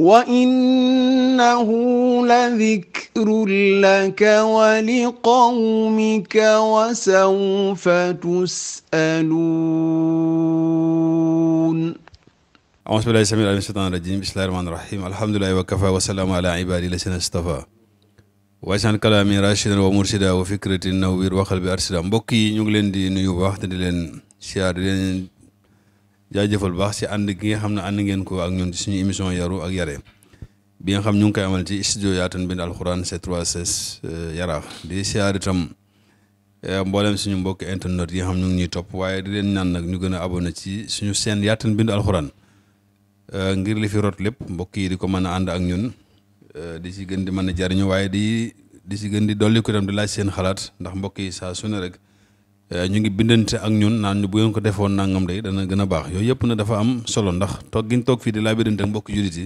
وإنه لذكر لك ولقومك وسوف تسألون أعوذ بالله السميع العليم من الشيطان الرجيم بسم الله الرحمن الرحيم الحمد لله وكفى وسلام على عبادي الذين اصطفى واجعل كلامي راشدا ومرشدا وفكرتي نوير وقلبي أرشدا mbokk yi ñu ngi leen di nuyu baax te di leen siyaar di leen jaajëfal baax si ànd ki nga xam ne ànd ngeen ko ak ñun ci suñu émission yaru ak yare bi nga xam ñu ngi koy amal ci studio Yaatal Mbindum Alxuraan C3S euh, Yaraax di siyaar itam euh, mboolem suñu mbokk internet yi xam ñu ngi ñuy topp waaye di leen ñaan nag ñu gën a abonné ci suñu seen Yaatal Mbindum Alxuraan euh, ngir li fi lépp mbokk yi di ko mën a ànd ak ñun di si gën di mën a jariñu waaye di di si gën di dolli ko itam di laaj seen xalaat ndax mbokk yi saa sune rek Euh, ñu ngi bindante ak ñun naan ñu bu ngeen ko defoon nangam day dana gën a baax yooyu yëpp na dafa am solo ndax toog gi ñu toog fii di laa birante mbokk jullit yi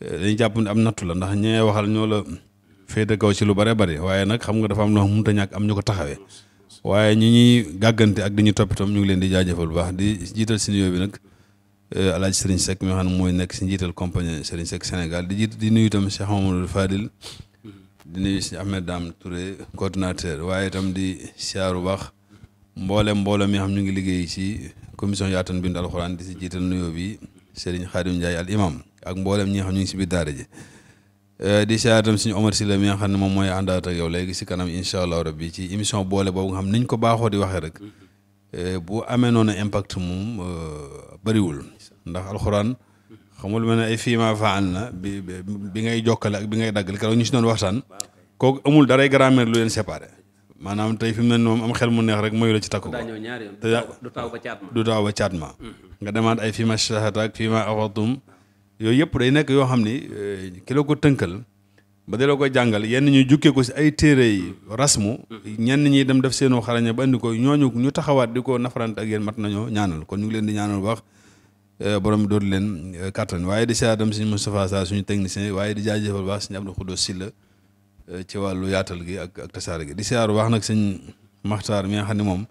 euh, dañuy jàpp ne am nattu la ndax ñee waxal ñoo la féete kaw ci lu bare bare waaye nag xam nga dafa am loo xam mënut am ñu ko taxawee waaye ñi ñuy gàggante ak di ñu toppitam ñu ngi leen di jaajëfal bu baax di jiital si nuyoo bi nag euh, alaaj Serigne Seck mi mooy nekk si njiital compagnie Serigne Seck Sénégal di jiit di nuyu itam Cheikh Mamadou Fadil di nuyu si Ahmed Dame Touré coordinateur waaye itam di siyaaru baax mboolem mboolem mi xam ñu ngi liggéey ci commission yaatan bind alxuraan di si jiital nuyoo bi Serigne Khadim Ndiaye al imam ak mboolem ñi xam ñu ngi si biir daara ji eh, di si yaatam suñu Omar Sylla mi nga xam ne moom mooy àndaat ak yow léegi si kanam incha allah rabbi ci émission boole boobu nga xam niñ ko baaxoo di waxee rek eh, bu amee noonu impact moom eh, bariwul ndax alxuraan xamul mel ne ay fiima faal na bi bi ngay jokkale ak bi ngay daggal keroog ñu si doon waxtaan kooku amul daray grammaire lu leen séparé. maanaam tey fi mu ne moom am xel mu neex rek mooy la ci takku ko du taaw ba caat ma du mm-hmm. nga demaat ay fima shahata ak fima afatum yooyu yëpp day nekk yoo xam ni eh, ki la ko tënkal ba dee la ko jàngal yenn ñu jukkee ko si ay téere yi rasmu mm-hmm. ñenn ñi dem def seenu xaraña ba indi ko ñooñu ñu taxawaat di ko nafarante ak yéen mat nañoo ñaanal kon ñu ngi leen di ñaanal baax eh, borom dootu leen eh, kattan waaye di saa dem suñu Moustapha Sarr suñu technicien waaye di jaajëfal baax suñu Abdou Khoudous Sylla Eh, ci wàllu yaatal gi ak ak gi di siyaaru wax nag sëñ maxtaar mi nga xam ne moom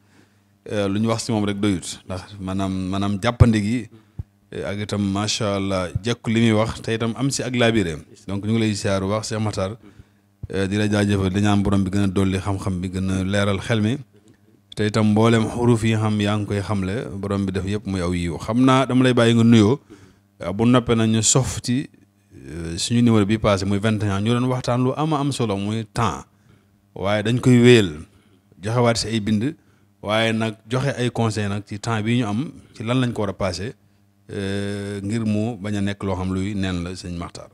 eh, lu ñu wax si moom rek doyut ndax maanaam maanaam jàppandi gi eh, ak itam macha allah jekk li muy wax te itam am si ak laabire donc ñu ngi lay siyaaru wax si maxtaar di la jaajëfal di ñaan borom bi gën a dolli xam-xam bi gën a leeral xel mi te itam mboolem xuruuf yi xam yaa ngi koy xam le borom bi def yëpp muy aw yiw xam naa dama lay bàyyi nga nuyoo bu noppee na ñu sof Euh, suñu numéro bi passé muy 21 ñu doon waxtaan lu ama am solo muy temps waaye dañ koy wéyal joxewaat si ay bind waaye nag joxe ay conseil nag ci temps bii ñu am ci lan lañ ko war a passé euh, ngir mu bañ a nekk loo xam luy neen la sëñ Maxtaar.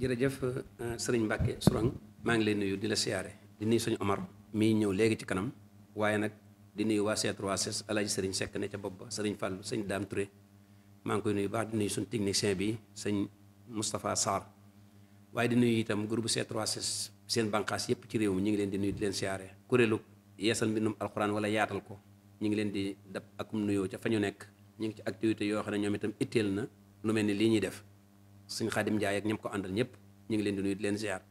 jërëjëf euh, sëriñ Mbacke Sourang maa ngi leen nuyu di la siyaare di nuyu suñu Omar mii ñëw léegi ci kanam waaye nag di nuyu waa C3S alaaji sëriñ sekk ne ca bopp ba sëriñ Fallou sëñ Dame Touré maa ngi koy nuyu baax di nuyu Moustapha Sarr waaye di nuyu itam groupe c 3 seen bànqaas yépp ci réew mi ñu ngi leen di nuyu di leen siyaare kuréelu yeesal mbindum alxuraan wala yaatal ko ñu ngi leen di dab akum nuyoo ca fa ñu nekk ñu ngi ci activité yoo xam ne ñoom itam itteel na lu mel ni lii ñuy def suñ xaadim njaay ak ñam ko àndal ñëpp ñu ngi leen di nuyu di leen ziar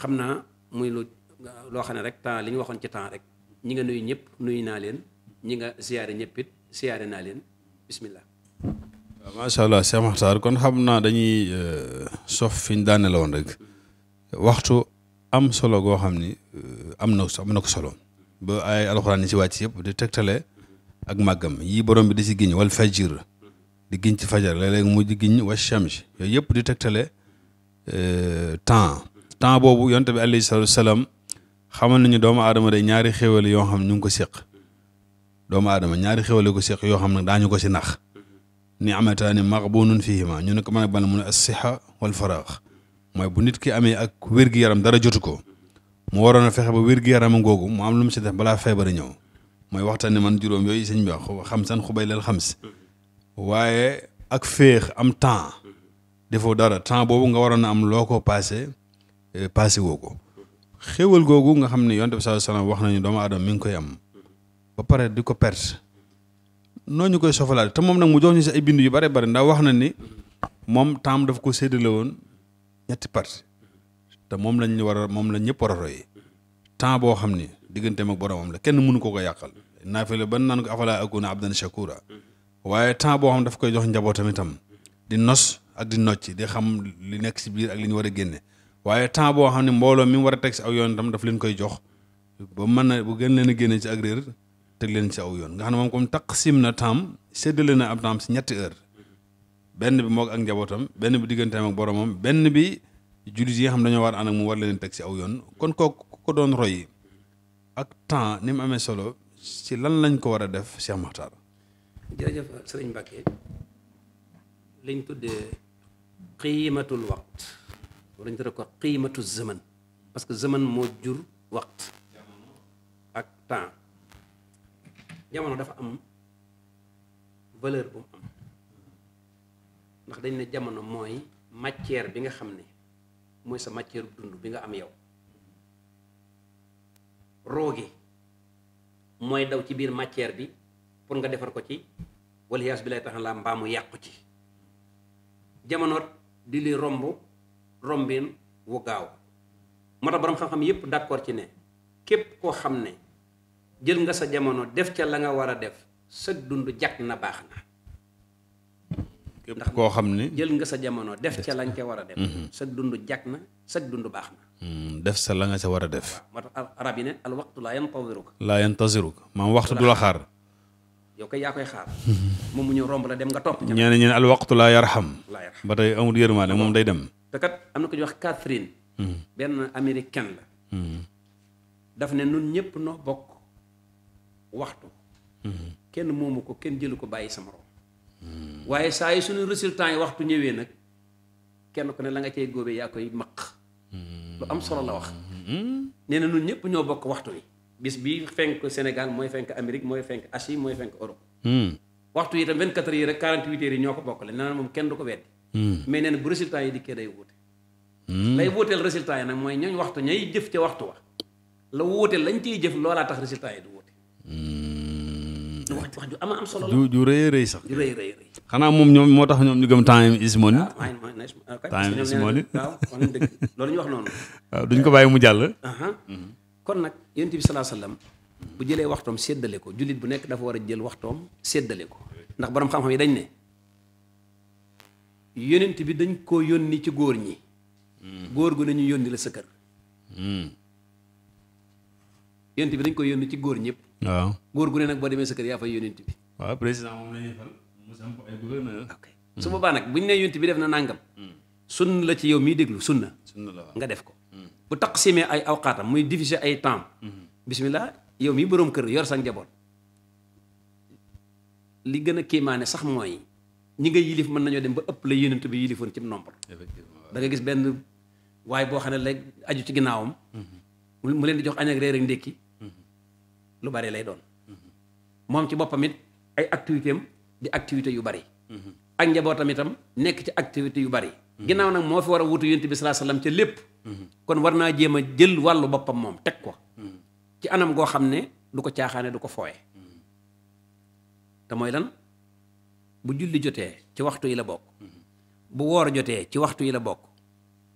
xam naa muy lu loo xam ne rek temps li ñu waxoon ci temps rek ñi nga nuyu ñëpp nuyu naa leen ñi nga ziare ñëpp it ziare naa leen bismillah waaw macha allah Cheikh Makhtar kon xam naa dañuy euh, sof fi ñu daane la woon rek waxtu am solo goo xam ni euh, am na am na ko solo ba ay alxuraan yi ci wàcc yëpp di tegtale ak màggam yii borom bi di si giñ wal fajir di giñ ci fajar léeg-léeg mu di giñ wa shams yooyu yëpp di tegtale euh, temps temps boobu yonte bi alayhi salaatu salaam xamal ñu doomu aadama day ñaari xéwal yoo xam ñu ngi ko séq doomu aadama ñaari xéwal yoo ko séq yoo xam ne daañu ko si nax ni ni'mataani maghbuunun fiihimaa ñu ne ko man ban mu ne as-siha wal faraax mooy bu nit ki amee ak wér-gi-yaram dara jotu ko mu waroon a fexe ba wér-gi-yaram googu mu am lu mu si def balaa feebar ñëw mooy waxtaan ne man juróom yooyu sëñ bi wax xamsan xubay lal xams waaye ak féex am temps defoo dara temps boobu nga waroon a am loo ko passé eh, passé woo ko xéwal googu nga xam ne yonent bi sallallahu alayhi wasallam wax nañu doomu aadama mi ngi koy am ba pare di ko noo ñu koy sofalaat te moom nag mu jox ñu si ay bind yu bare bare ndax wax na ni moom temps daf ko séddale woon ñetti parti te moom lañ war a moom lañ ñëpp war a roy temps boo xam ni digganteem ak boromam la kenn mënu ko ko yàqal naafile ban naan ko afala akuna abdan shakura waaye temps boo xam daf koy jox njabootam itam di nos ak di nocci di xam li nekk si biir ak li ñu war a génne waaye temps boo xam ne mbooloo mi war a teg si aw yoon itam daf leen koy jox ba mën na bu gën leen génne ci ak réer teg leen ci yoon nga xam ne moom na temps séddale na ab temps ñetti heure benn bi moog ak njabootam benn bi digganteem boromam benn bi jullit yi xam dañoo war ànd ak war teg si aw yoon kon kooku ko doon roy ak ni mu amee solo si lan lañ ko war a def Cheikh Makhtar. jërëjëf sëriñ Mbacke liñ tuddee qiimatul waqt wala ñu tuddee ko qiimatu zaman parce que zaman moo jur waqt ak temps. jamono dafa am valeur bu mu am ndax dañ ne jamono mooy matière bi nga xam ne mooy sa matière dund bi nga am yow roogi mooy daw ci biir matière bi pour nga defar ko ci wala yaas bi lay tax la mbaamu yàqu ci jamono di li romb rombin wu gaaw moo tax boroom xam-xam yépp d'accord ci ne képp koo xam ne jël nga sa jamono def ca la nga war a def sëg dund jag na baax na ndax koo xam ne jël nga sa jamono def ca lañ ca war a def mhm. sag dund jàkk na sag dund baax na hmm, def sa la nga ca war a def moo tax arab yi ne al waxtu laa yantaziruka laa yantaziruka maam waxtu du la xaar yow kay yaa koy xaar moom mu ñëw romb la dem nga topp ñee ne ñeen al laa yarxam laa yarxam ba tey amul yërmaane moom day dem te kat am na ko ñuy wax Catherine hmm. benn américaine la hmm. daf ne nun ñëpp noo bokk waxtu kenn moomu ko kenn jëlu ko bàyyi sa morom waaye saa yi suñu résultat yi waxtu ñëwee nag kenn ku ne la nga cay góobee yaa koy maq lu am solo la wax nee na ñun ñëpp ñoo bokk waxtu wi bis bi fenk Sénégal mooy fenk Amérique mooy fenk Asie mooy fenk Europe waxtu yi itam 24 heures rek 48 heures yi ñoo ko bokkale nee na moom kenn du ko weddi mais nee na bu résultat yi dikkee day wuute lay wuuteel résultat yi nag mooy ñooñ waxtu ñooy jëf ca waxtu wa la wuuteel lañ ciy jëf loolaa tax résultat yi du wuute Mm. wax ju ama am solo la. ju ju rëy sax. ju xanaa moom ñoom moo tax ñoom ñu gëm time is money. Ah, time is money loolu ñu wax noonu. waaw ko bàyyi mu jàll. kon nag yonent bi salaa sallam bu jëlee waxtoom séddale ko jullit bu nekk dafa war a jël waxtoom séddale ko ndax borom xam-xam yi dañ ne yonent bi dañ ko yónni ci góor ñi. Hmm. góor gu ne ñu yónni la sa kër. Hmm. yonent bi dañ koy yónni ci góor ñëpp. waaw góor gu ne nag boo demee sa kër yaa fay yonent bi. waaw président moom la su boobaa nag bu ñu nee yonent bi def na nangam. sunna la ci yow mii déglu sunna. sunna la nga def ko. bu taqsimee ay awqaatam muy diviser ay temps. bismillah yow mi boroom kër yor sa njaboot. li gën a kéemaane sax mooy ñi nga yilif mën nañoo dem ba ëpp la yonent bi yilifoon ci nombre. danga gis benn waaye boo xam ne léegi aju ci ginnaawam. Mhm. mu leen di jox añ ak reer ak ndékki lu bari lay doon moom ci boppam it ay activité di activité yu bari ak njabootam itam nekk ci activité yu bari ginnaaw nag moo fi war a wutu yonent bi sallallahu alayhi wasallam ca lépp kon war naa jéem a jël wàllu boppam moom teg ko ci anam goo xam ne du ko caaxaane du ko fooye te mooy lan bu julli jotee ci waxtu yi la bokk bu woor jotee ci waxtu yi la bokk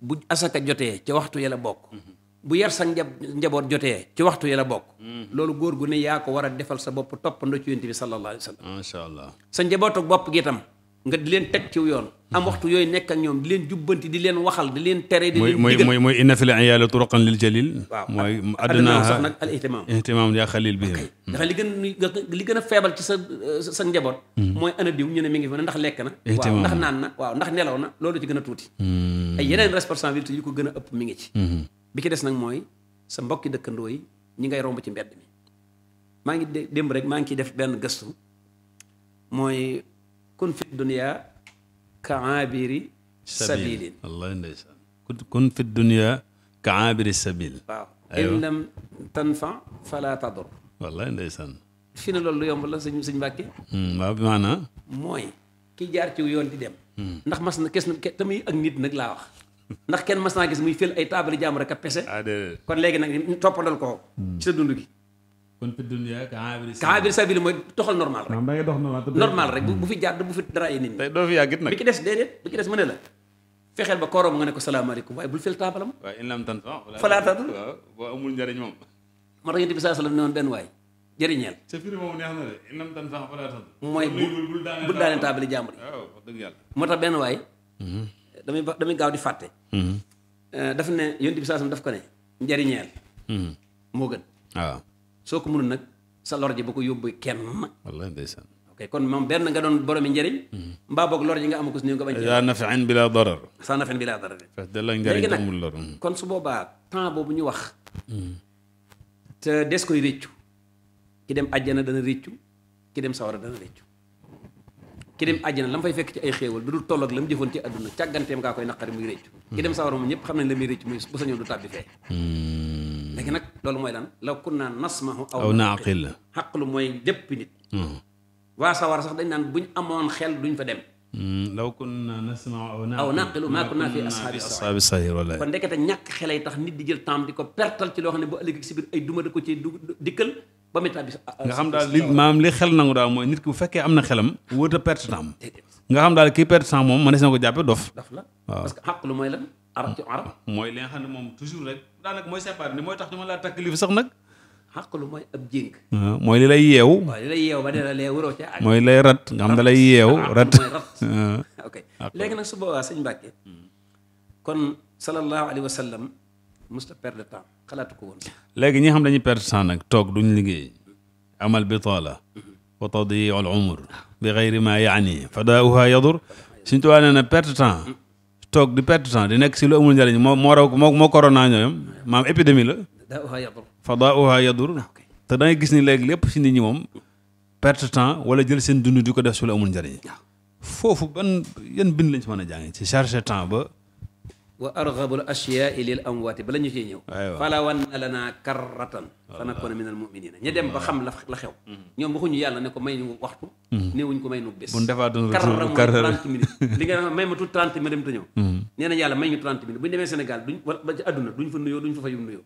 bu asaka jotee ci waxtu yi la bokk bu yar sa njaboot jotee ci waxtu yi la bokk mm. loolu góor gu ne yaa ko war a defal sa bopp toppandoo ci yonent bi sallallahu alayhi wa sallam allah njabootu bopp gi itam nga di leen teg ci yoon am yooyu nekk ak ñoom di leen di leen waxal leen tere di leen digal mooy mooy inna fil iyaali turqan mooy addunaa sax nag al ihtimaam ihtimaam yaa xalil bi ndax mm. li gën li gën a feebal ci sa sa njaboot mm. mooy ana diw ñu ne mi ngi fi ndax lekk na waaw ndax naan na waaw ndax nelaw na loolu ci gën a tuuti ay yeneen responsabilité yi ko gën a ëpp mi ngi ci mm-hmm. bi ci des nag mooy sa mbokki dëkkandoo yi ñi ngay romb ci mbedd mi maa ngi démb rek maa ngi ciy def benn gëstu mooy kun fi dunia ka abiri sabilin allah ndeysaan kun fi dunia ka abiri sabil waaw in lam tanfa fala tadur wallaay ndeysaan fi ne loolu yomb la suñ suñ mbàkke hmm, waaw mooy ki jaar ci yoon di dem hmm. ndax mas na kes na te muy ak nit nag laa wax ndax kenn mas naa gis muy fil ay taabali jàmbur ak a pese. Ah, kon léegi nag toppandal ko ci sa dund gi. kon fi dund yaa kaabiri sabili mooy toxal normal rek. da ngay dox normal rek bu mm. fi jàdd bu fi dara ay nit ñi. tey doo fi bi ki des déedéet ne la. fexeel ba koroom nga ne ko salaamaaleykum waaye bul fil taabalam. waaw in lam tan amul njëriñ moom. moo tax yonent bi saa salaam waay jëriñeel. sa firi moom neex na de in lam tan sax falaataatu. mooy bu bu daanee taabali jàmbur yi. dëgg yàlla. moo tax benn waay. Mm-hmm. damay damay gaaw di fàtte. Mm-hmm. Euh, daf ne yonent bi saasam daf ko ne njariñeel. Mm-hmm. moo gën. waaw ah. soo ko mënul nag sa lor ji ba ko yóbbu kenn. wallaahi ndeysaan. ok kon moom benn nga doon boromi njariñ. Mm-hmm. mbaa boog lor ji nga am ko nga bañ. saa nafin bi laa darar. saa nafin bi laa darar. parce que da la njariñ amul lor. kon su boobaa temps boobu ñu wax. te des koy réccu ki dem àjjana dana réccu ki dem sawara dana réccu. ki dem àjjana la mu fay fekk ci ay xéewal du dul toll ak la mu jëfoon ci àdduna càgganteem ngaa koy naqari muy réccu hmm. ki dem sawara moom ñëpp xam nañ la muy réccu muy bu sañoon du tàbbi fee hmm. léegi nag loolu mooy lan law kunna nasmahu aw naqil xaqlu mooy jëpp nit hmm. waa sawara sax dañ naan buñ amoon xel duñ fa dem law kunna nasmau aw naqilu maa kunna fi ashaabi sahir wala kon ndekete ñàkk xelay tax nit di jël temps di ko pertal ci loo xam ne bu ëllëg si biir ay duma da ko ci dikkal ba métti bi ah, ah, nga xam daal li maam li xel nangu daal mooy nit ki bu fekkee am na xelam wóor a perte temps eh, eh. nga xam daal kii perte temps moom mënees na ko jàppe dof dof la waaw parce que xaq lu mooy xam ne moom toujours rek daanaka mooy séparé ni mooy tax ñu mën laa takk li fi sax nag xaq lu mooy ab mooy li lay yeew waaw li lay ba ne la lee wëroo ca ak mooy lay rat nga xam da lay yeew rat ok léegi nag su boobaa sëñ Mbàkke hmm. kon sallallahu alayhi wa sallam mosut a perdre temps xalaatu ko woon. léegi ñi xam dañuy perdre temps nag toog du duñ liggéey amal bitaala wa tadyiu al umr bi gayri ma yaani fadaauha yadur suñ tuwaa nee na perte temps toog di perte temps di nekk si lu amul njëriñ moo moo raw moo moo corona ñooyam maam épidémie la fadaauha yadur ah, te da gis ni léegi lépp si nit ñi moom perte temps wala jël seen dund di ko def si lu amul njëriñ ah. foofu ban yan bind lañ si mën a jàngi si chargé temps ba wa arghabul ashyaai lil amwaati bala ñu cee ñëw fala wanna lana karratan fa nakuna minal mu'minina ña dem ba xam la xew ñoom waxuñu yàlla ne ko may ñu waxtu mm-hmm. néewuñ ko may nu bés karra mooy mm-hmm. na yàlla may ñu trente minutes bu ñu demee Sénégal duñ ba duñ fa nuyoo duñ fa fayu nuyoo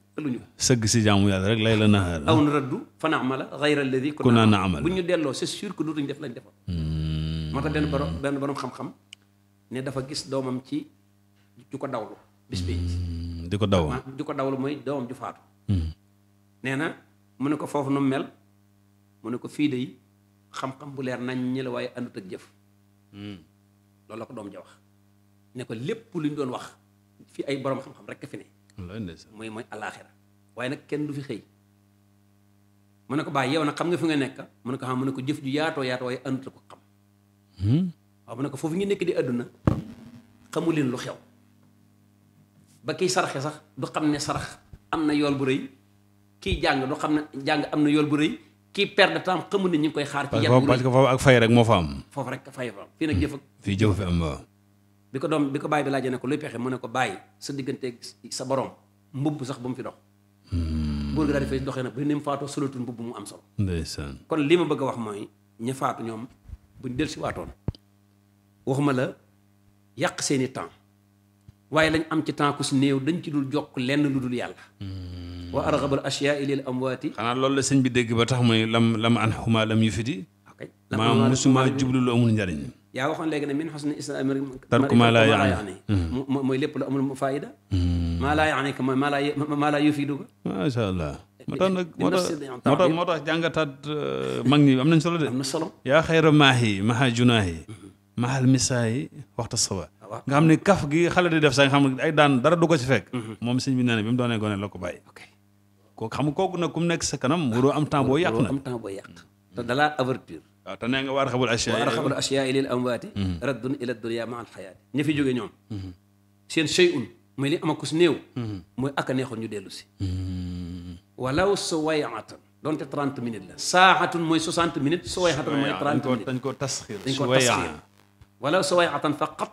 sëgg si jaamu yàlla rek lay la nahaar aw na raddu fa naamala ghayra alladi kunna naamal bu ñu delloo c'est sûr que dootuñ def lañ defoon mm-hmm. moo tax benn borom xam-xam ne dafa di ko dawlu bis bi mm, di ko daw di ko dawlu mooy doomam ju faatu mm. nee na mu ne ko foofu nu mel mu ne ko fii de xam-xam bu leer nañ ñi la waaye àndut ak jëf mm. loolu la ko doom ja wax ne ko lépp lu ñu doon wax fii ay borom xam-xam rek fi ne mooy mooy alaaxira waaye nag kenn du fi xëy mu ne ko bàyyi yow nag xam nga fi nga nekk mu ne ko xam ah, mu ne ko jëf ju yaatoo yaatoo waaye àndut ko xam hmm? waaw mu ne ko foofu ngi nekk di àdduna xamu leen lu xew ba kiy saraxe sax du xam ne sarax am na yool bu rëy kiy jàng du xam ne jàng am na yool bu rëy kii per de temps xamu ne ñu ngi koy xaar. ci yan parce que foofu ak fay rek moo fa am. foofu rek fay fa am fii nag jëf ak. Hmm. fii ko doom bi ko bàyyi bi laajee ne ko luy pexe mu ne ko bàyyi sa digganteeg sa borom mbubb sax bu mu fi dox. Hmm. buur gi daal di fay doxee nag ba ni mu faatoo solatul mbubb mu am solo. ndeysaan kon lii ma bëgg a wax mooy ña faatu ñoom buñ dellusiwaatoon waxuma la yàq seeni temps. waaye lañ am ci temps ku si néew dañ ci dul jokk lenn lu dul yàlla hmm. wa arxabal asyaai lil amwaati xanaa loolu la sëñ bi dégg ba tax muy lam lam an xuma lam yu fiti maam musuma jublu lu amul njariñ yaa waxoon léegi ne min xusni islaam tarku maa laa yaani mooy lépp lu amul faayida hmm. maa laa yaani mooy maa laa maa laa yufiidu ko macha allah moo tax nag moo tax moo tax moo tax jàngataat euh, mag ñi am nañ solo de am na solo yaa xayra maahi maha junaahi mhm. mahal misaayi waxta sawa nga xam ne kaf gi xale di def sax xam daan dara du ko ci fekk mhm. moom sëñ bi nee na bi mu doonee gone la ko bàyyi xam nga kooku nag nekk sa kanam waroo am temps boo na am temps boo yàq te dalaa avertir lil amwaati mhm. raddun ila dunya ma al xayaati ña fi jógee ñoom mhm. seen shay'un mooy li ama kus néew mooy ak a neexoon ñu dellu si walaw suwayatan donte trente minutes la saatun mooy soixante minutes suwayatan mooy trente minutes dañ ko tasxiir dañ ko tasxiir walaw suwayatan faqat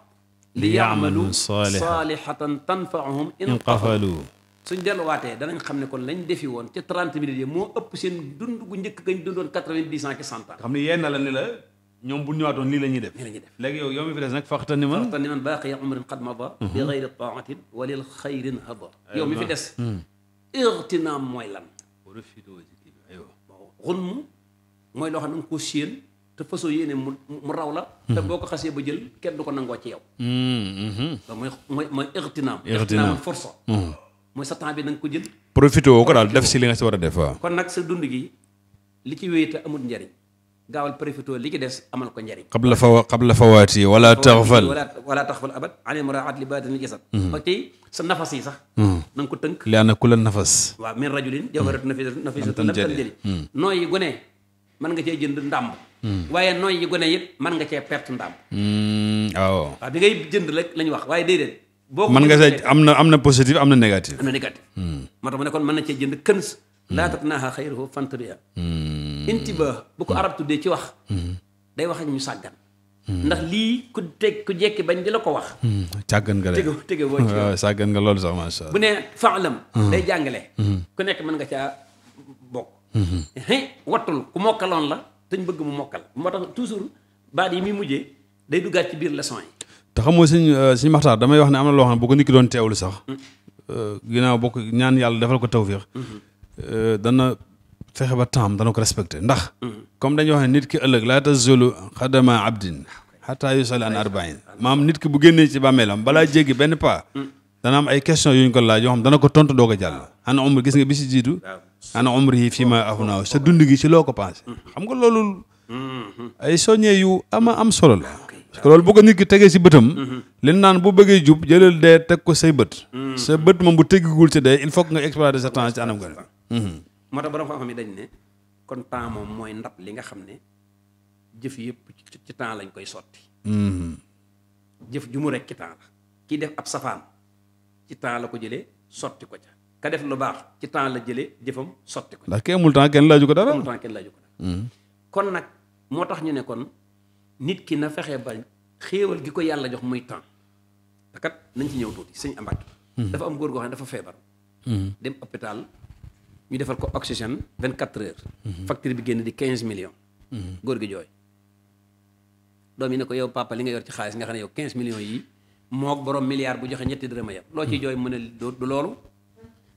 li yaamalu saalihatan tanfaahum in qafalu suñ delluwaatee danañ xam ne kon lañ defi woon ca 30 minutes yi moo ëpp seen dund gu njëkk gañ dundoon 90 ans ci 100 ans xam ne yenn la ni la ñoom bu ñu ñëwaatoon lii la ñuy def lii la ñuy def léegi yow yow mi fi des nag faxta ni man faxta ni man baaqiya umrin qad mada mhm. bi gayri taatin wa lil xayrin hada yow mi fi des hmm. irtinaam mooy lan xunmu mooy loo xam ne da nga ko séen te fasoo yéene mu mu raw la. Hmm. te boo ko xasee ba jël kenn du ko nangoo ci yaw hmm, hmm. loolu mooy mooy mooy ixtinaam. ixtinaam force. mooy sa temps bi na ko jël. profité woo ko daal def si li nga si war a def waaw. kon nag sa dund gi li ci wéy te amul njariñ gaawal profité li ci des amal ko njariñ. qabla la fa fawaati wala taxfal wala taxfal abad ani muraat li baatini jasad. ba tey sa nafas yi sax. na nga ko tënk. li ana la nafas. waa min rajulin jawharatu nafisatun lam tanjali nooyi gone mën Hmm. waaye nooy yi gone it mën nga cee perte ndàmp. Hmm, waaw waaw bi ngay jënd rek lañu wax waaye déedéet. boo ko mën nga see am na am na positif am na négatif. am na négatif. Hmm. moo tax mu ne kon mën na cee jënd këns. laa tatnaaha xayruhu fantabiha. ba bu ko arab tuddee ci wax. day wax ak ñu sàggan. ndax lii ku teg ku jekki bañ di la ko wax. sàggan nga lay tege tege boo nga loolu sax macha allah. bu ne faalam. day jàngale. ku nekk mën nga caa bokk. wattul ku mokkaloon la. dañ bëgg mu mokkal ma tax toujours baat yi muy mujjee day duggaat ci biir leçon yi. te xam nga suñ euh, suñu maxtaar damay wax ne am na loo xam ne bu ko nit ki doon teewlu sax. Hmm. Euh, ginnaaw bokk ñaan yàlla defal ko tawféex. Hmm. Euh, dana fexe ba temps dana ko respecté ndax. Hmm. comme dañuy wax nit ki ëllëg laa tazulu xadama abdin xataa yusal an arbain maam nit ki bu génnee ci bàmmeelam balaa jéggi benn pas. dana am ay question yu ko laaj yoo xam dana ko tontu doog ana umri fii ma afnaaw sa dund gi si loo ko passé xam nga loolu ay soññee yu ama am solo la parce que loolu bu ko nit ki tegee si bëtam li naan bu bëggee jub jëlal dee teg ko say bët sa bët moom bu teggigul si de il faut nga exploiter sa temps si anam nga moo tax borom xam-xam dañ ne kon temps moom mooy ndab li nga xam ne jëf yëpp ci temps lañ koy sotti jëf ju mu ci temps la kii def ab safaan ci temps la ko jële sotti ko ca ka def lu baax ci temps la jëlee jëfam sotti ko. ndax kii amul temps kenn laaju ko dara. amul temps kenn laaju ko dara. Hmm. kon nag moo tax ñu ne kon nit ki na fexe ba xéewal gi ko yàlla jox muy temps te kat nañ ci ñëw tuuti sëñ Ambaat. Hmm. dafa am góor goo xam ne dafa feebar. Hmm. dem hôpital ñu defal ko oxygène vingt quatre heures. facture bi génn di quinze millions. góor gi jooy. doom yi ne ko yow papa li nga yor ci xaalis nga xam ne yow quinze millions yi moog borom milliard bu joxe ñetti d a loo ciy jooy mu ne du loolu.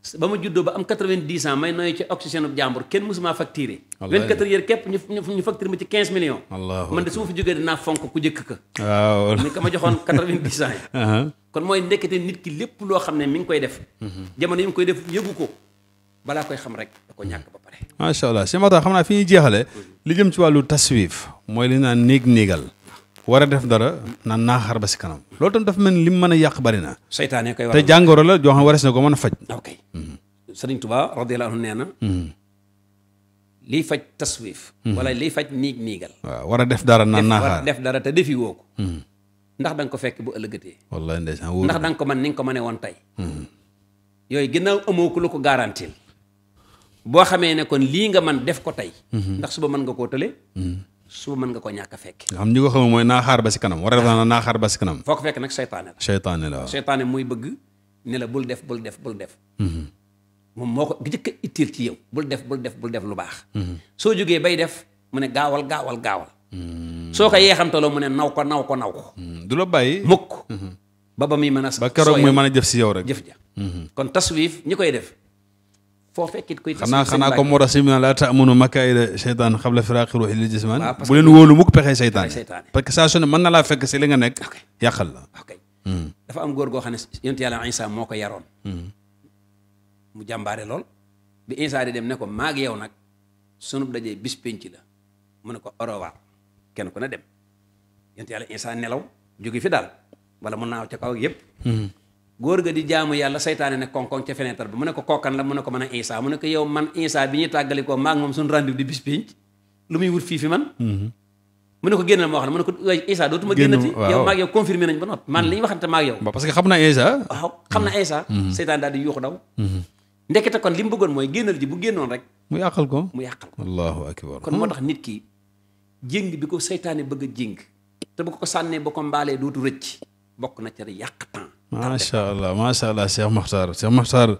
ba ma juddoo ba am 90 ans may nooy ci oxygène bu jàmbur kenn musuma facturé. wallaahi 24 heures képp ñu ñu facturé ma ci 15 millions. man de su ma fi jógee dinaa fonk ku njëkk ka. ma joxoon uh-huh. kon mooy ndekkete nit ki lépp loo xam ne mi ngi koy def. Mm-hmm. jamono yi mu koy def yëgu ko balaa koy xam rek da ko ñàkk ba pare. macha allah Cheikh Makhtar xam naa fi ñuy jeexale li jëm ci wàllu taswif mooy li naan néeg néegal. war a def dara naan naa xaar ba si kanam loolu tam dafa mel ni lim mën a yàq bari na. seytaane koy waral te jàngoro la joo xam wares na ko mën a faj. ok sëriñ Tuubaa radiyallaahu nee na. Mm-hmm. liy faj mm-hmm. wala liy faj niig niigal. war a def dara naan naa def dara te defi woo ko. Mm-hmm. ndax da ko fekk bu ëllëgatee. wallaahi ndeysaan wóor ndax danga ko man ni nga ko mane woon tey. yooyu ginnaaw amoo ku la ko garantil boo xamee ne kon lii nga man def ko tey. ndax suba mën nga koo tële. su mën nga ko ñàkk a fekk nga xam ñi ko xam mooy naa xaar ba si kanam war a def naa naa xaar ba si kanam foo ko fekk nag seytaane la seytaane la bëgg ne bul def bul def bul def mhm. moom moo ko jëkk a itteel ci yow bul def bul def bul def lu baax mhm. soo jógee bay def mu ne gaawal gaawal gaawal mhm. soo ko yeexamtaloo mu ne naw ko naw ko naw ko du la bàyyi mukk ba ba muy mën a ba keroog muy mën a jëf si yow rek jëf ja kon taswiif ñi koy def foo fekkit kuy tas xanaa xanaa comme moo tax simina laa taamunu makaayida seytaan xabla firaaqi ruuxi li jismaan bu leen wóolu mukk pexe seytaan parce que saa su ne na laa fekk si li nga nekk yàqal la ok hmm. dafa am góor goo xam ne yonent yàlla moo ko yaroon hmm. mu jàmbaare lool bi Isaa di dem ne ko maag yow nag sunub dajee bis pénc la mu ne ko orowaar kenn ku ne dem yonent yàlla Isaa nelaw jóge fi daal wala mun naa aw ca kaw yëpp hmm. góor ga di jaamu yàlla saytaane ne koŋ-koŋ ca fenêtre bi mu ne ko kookan la mu ne ko mën a Isa mu ne ko yow man Isa bi ñuy tàggalikoo maag moom suñu rendez-vous bis pénc lu muy wut fii fi man mhm. mu ne ko génnal ma wax la mu ne ko Isa dootuma génnati yow maag yow confirmé nañ ba not man mhm. li ñu waxante maag yow parce que xam naa Isa waaw xam mhm. daal di yuuxu daw ndekete kon li mu bëggoon mooy génnal ji bu génnoon rek mu yàqal ko mu yàqal ko allahu akbar kon moo hmm. tax bi ko saytaane bëgg a te bu ko sànnee ba ko mbaalee dootu rëcc bokk na ca yàq macha allah macha allah Cheikh Makhtar Cheikh Makhtar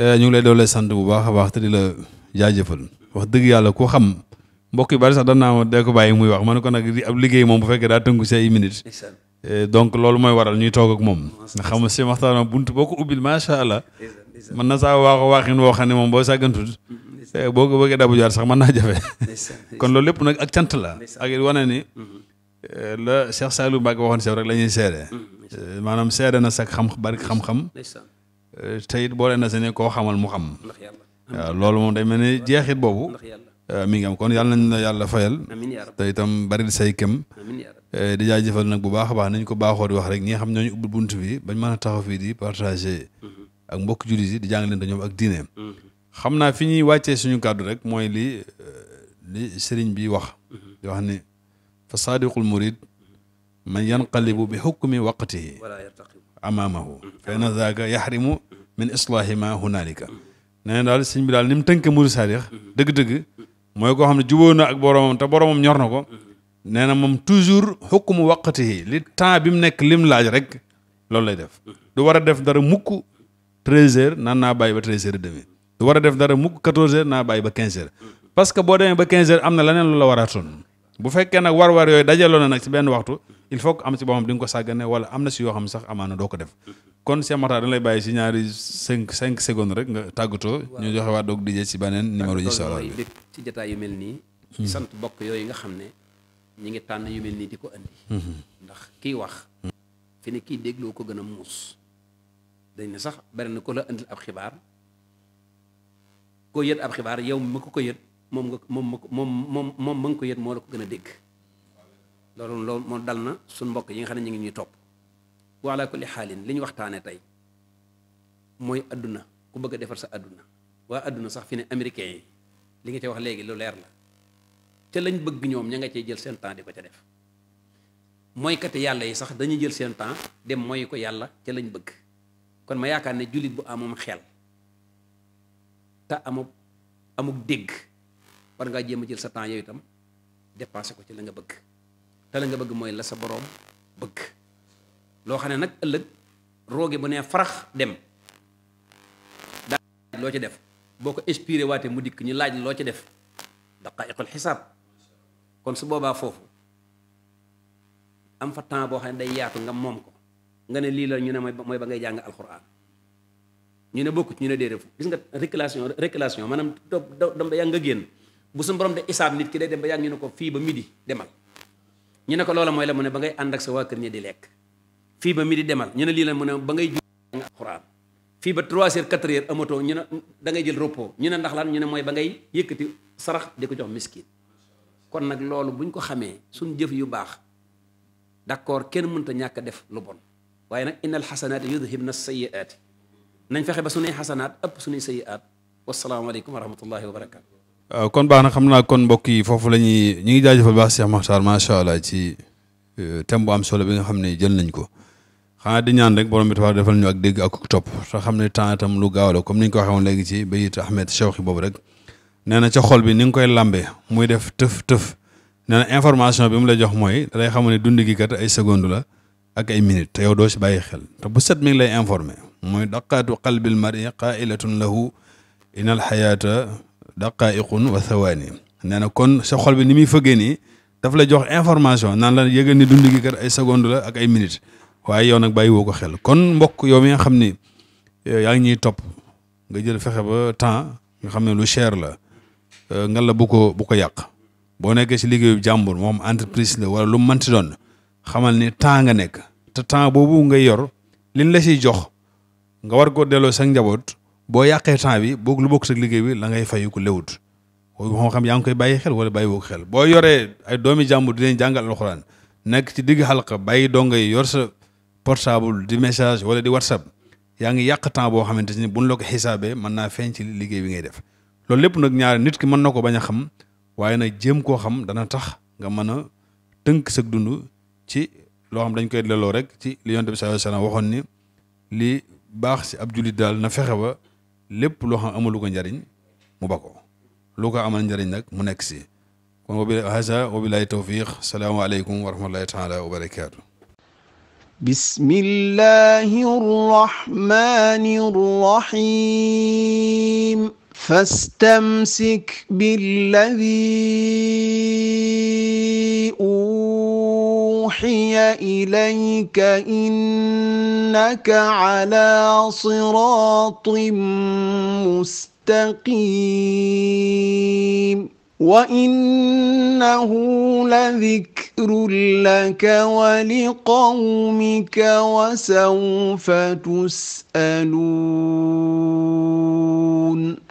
eh, ñu lay doole sant bu ba a baax te di la jaajëfal wax dëgg yàlla ku xam mbokk yi bari sax daan naa ma dee ko bàyyi muy wax ma ne ko nag ab liggéey moom bu fekkee daa tënku si ay minutes. Eh, donc loolu mooy waral ñuy toog ak moom. nga xam ne Cheikh Makhtar moom buntu boo ko ubbil macha allah. mën na saa waaxu waaxin woo xam ne moom boo sàggantul eh, boo ko bëggee dabu jaar sax mën naa jafe. kon loolu lépp nag ak cant la. la Cheikh Saliou Mbacké waxoon sew rek la ñuy seede mm, euh, maanaam seede na sag xam bari xam-xam euh, te it boole na sene koo xamal mu xam waaw loolu moom day mel ni jeexit boobu euh, mi ngi am kon yàlla nañ la yàlla fayal te itam bari say kem di jaa jaajëfal nag bu baax a baax nañ ko baaxoo di wax rek ñi nga xam ñooñu ubbi bunt bi bañ mën a taxaw fii di partagé mm-hmm. ak mbokk jullit yi di jàng leen te ñoom ak diine mm-hmm. xam naa fi ñuy wàccee suñu kàddu rek mooy li li sëriñ bi wax mm-hmm. di wax ni fa saadiqul murid man yanqalibu bi xukmi waqtihi amaamahu mm-hmm. fa inna zaaga yaxrimu min islaahi ma hunaalika nee na daal sëñ bi daal ni mu tënke murid saadix mm-hmm. dëgg-dëgg mooy koo xam ne jubóo na ak boromam te boromam ñor na ko mm-hmm. nee na moom toujours xukmu waqtihi li temps bi mu nekk lim laaj rek loolu lay def du war a def dara mukk treize heures naan naa bàyyi ba treize heures et du war a def dara mukk quatorze heures naa bàyyi ba quinze heures parce que boo demee ba quinze am na leneen lu la war a toon bu fekkee nag war-war yooyu dajaloo na nag si benn waxtu il faut que am si boo xam di ko sàggane wala am na si yoo xam sax amaana doo ko def kon Cheikh Makhtar dañ lay bàyyi si ñaari cinq cinq secondes rek nga tàggatoo. ñu joxe waat doog dijee si beneen numéro yi. solar bi ci yu mel nii. di hmm. sant bokk yooyu nga xam ne ñi ngi tànn yu mel nii di ko andi. Hmm. ndax kiy wax. kii dégloo ko gën a muus. dañ sax bari na ko la andil ab xibaar. ko yët ab xibaar yow mu ko ko yët. moom nga moom moom moom moom ma nga ko yët moo la ko gën a dégg loolu loolu moo dal na suñ mbokk yi nga xam ne ñu ngi ñuy topp wala kulli xaalin li ñu waxtaanee tey mooy adduna ku bëgg a defar sa adduna waa adduna sax fi ne américain yi li nga ci wax léegi lu leer la ca lañ bëgg ñoom ña nga cee jël seen temps di ko ca def mooykati yàlla yi sax dañuy jël seen temps dem mooy ko yàlla ca lañ bëgg kon ma yaakaar ne jullit bu amum xel te amub amuk dégg war ngaa jéem a jël sa temps yooyu itam dépensé ko ci la nga bëgg te la nga bëgg mooy la sa boroom bëgg loo xam ne nag ëllëg rooge bu nee farax dem daa loo ci def boo ko expiré waate mu dikk ñu laaj loo ci def daqaiqul xisaab kon su boobaa foofu am fa temps boo xam ne day yaatu nga moom ko nga ne lii la ñu ne mooy ba ngay jàng alxuraan ñu ne bokkut ñu ne déedéet gis nga récréation récréation maanaam doo doo yaa nga génn bu suñu borom de isaab nit ki day dem ba yàgg ñu ne ko fii ba midi demal ñu ne ko loola mooy la mu ne ba ngay ànd ak sa waa kër ñi di lekk fii ba midi demal ñu ne lii la mu ne ba ngay jug nga fii ba 3 heures 4 heures amatoo ñu ne da jël repos ñu ne ndax lan ñu ne mooy ba ngay yëkkati sarax di ko jox miskin kon nag loolu buñ ko xamee suñ jëf yu baax d'accord kenn mënta ñàkk def lu bon waaye nag innal xasanaati yudhibna sayiaati nañ fexe ba suñuy xasanaat ëpp suñuy sayiaat wasalaamaaleykum wa rahmatullahi wa barakaatu waaw euh, kon baax na xam naa kon mbokk yi foofu la ñuy ñu ngi jaajëfal baax Cheikh Makhtar macha allah ci euh, thème bu am solo bi nga xam ne jël nañ ko xanaa di ñaan rek borom bi tabaar defal ñu ak dégg ak topp te xam ne temps itam lu gaaw la comme ni ñu ko waxee woon léegi ci bayit Ahmed Chawki boobu rek nee na ca xol bi ni nga koy lambee muy def tëf tëf na information bi mu lay jox mooy da lay xam ne dund gi kat ay seconde la ak ay minute te yow doo si bàyyi xel te bu set mi ngi lay informé mooy daqaatu qalbil mari qailatun lahu inal xayaata daqaa'iqun wa thawaani nee na kon sa xol bi ni muy fëggee nii daf la jox information naan la yëgal ni dund gi kat ay seconde la ak ay minute waaye yow nag bàyyi woo ko xel kon mbokk yow mi nga xam ni eh, yaa ngi ñuy topp nga jël fexe ba temps nga xam ne lu cher la eh, nga la bu ko bu ko yàq boo nekkee si liggéeyu jàmbur moom entreprise la wala lu mu mënti doon xamal ni temps nga nekk te temps boobu nga yor liñ la siy jox nga war koo delloo sa njaboot boo yàqee temps bi boog lu bokk sa liggéey bi la ngay fayu ko lewut moo xam yaa ngi koy bàyyi xel wala bàyyi woo xel boo yoree ay doomi jàmbur di leen jàngal alxuraan nekk ci digg xalqa bàyyi donga yi yor sa portable di message wala di whatsapp yaa ngi yàq temps boo xamante ni buñ la ko xisaabee mën naa feeñ ci liggéey bi ngay def loolu lépp nag ñaari nit ki mën na ko bañ a xam waaye nag jéem koo xam dana tax nga mën a tënk sa dund ci loo xam dañ koy leloo rek ci li yonent bi sallallahu alayhi wasallam waxoon ni li baax si ab jullit daal na fexe ba lépp loo xam amul lu ko njariñ mu ba ko lu ko amal njariñ nag mu nekk si kon wabi hasa wabilaay tawfiq salaamaaleykum wa rahmatullahi taala wa barakaatu bismillahi rrahmani rrahim fastamsik billadi أوحي إليك إنك على صراط مستقيم وإنه لذكر لك ولقومك وسوف تسألون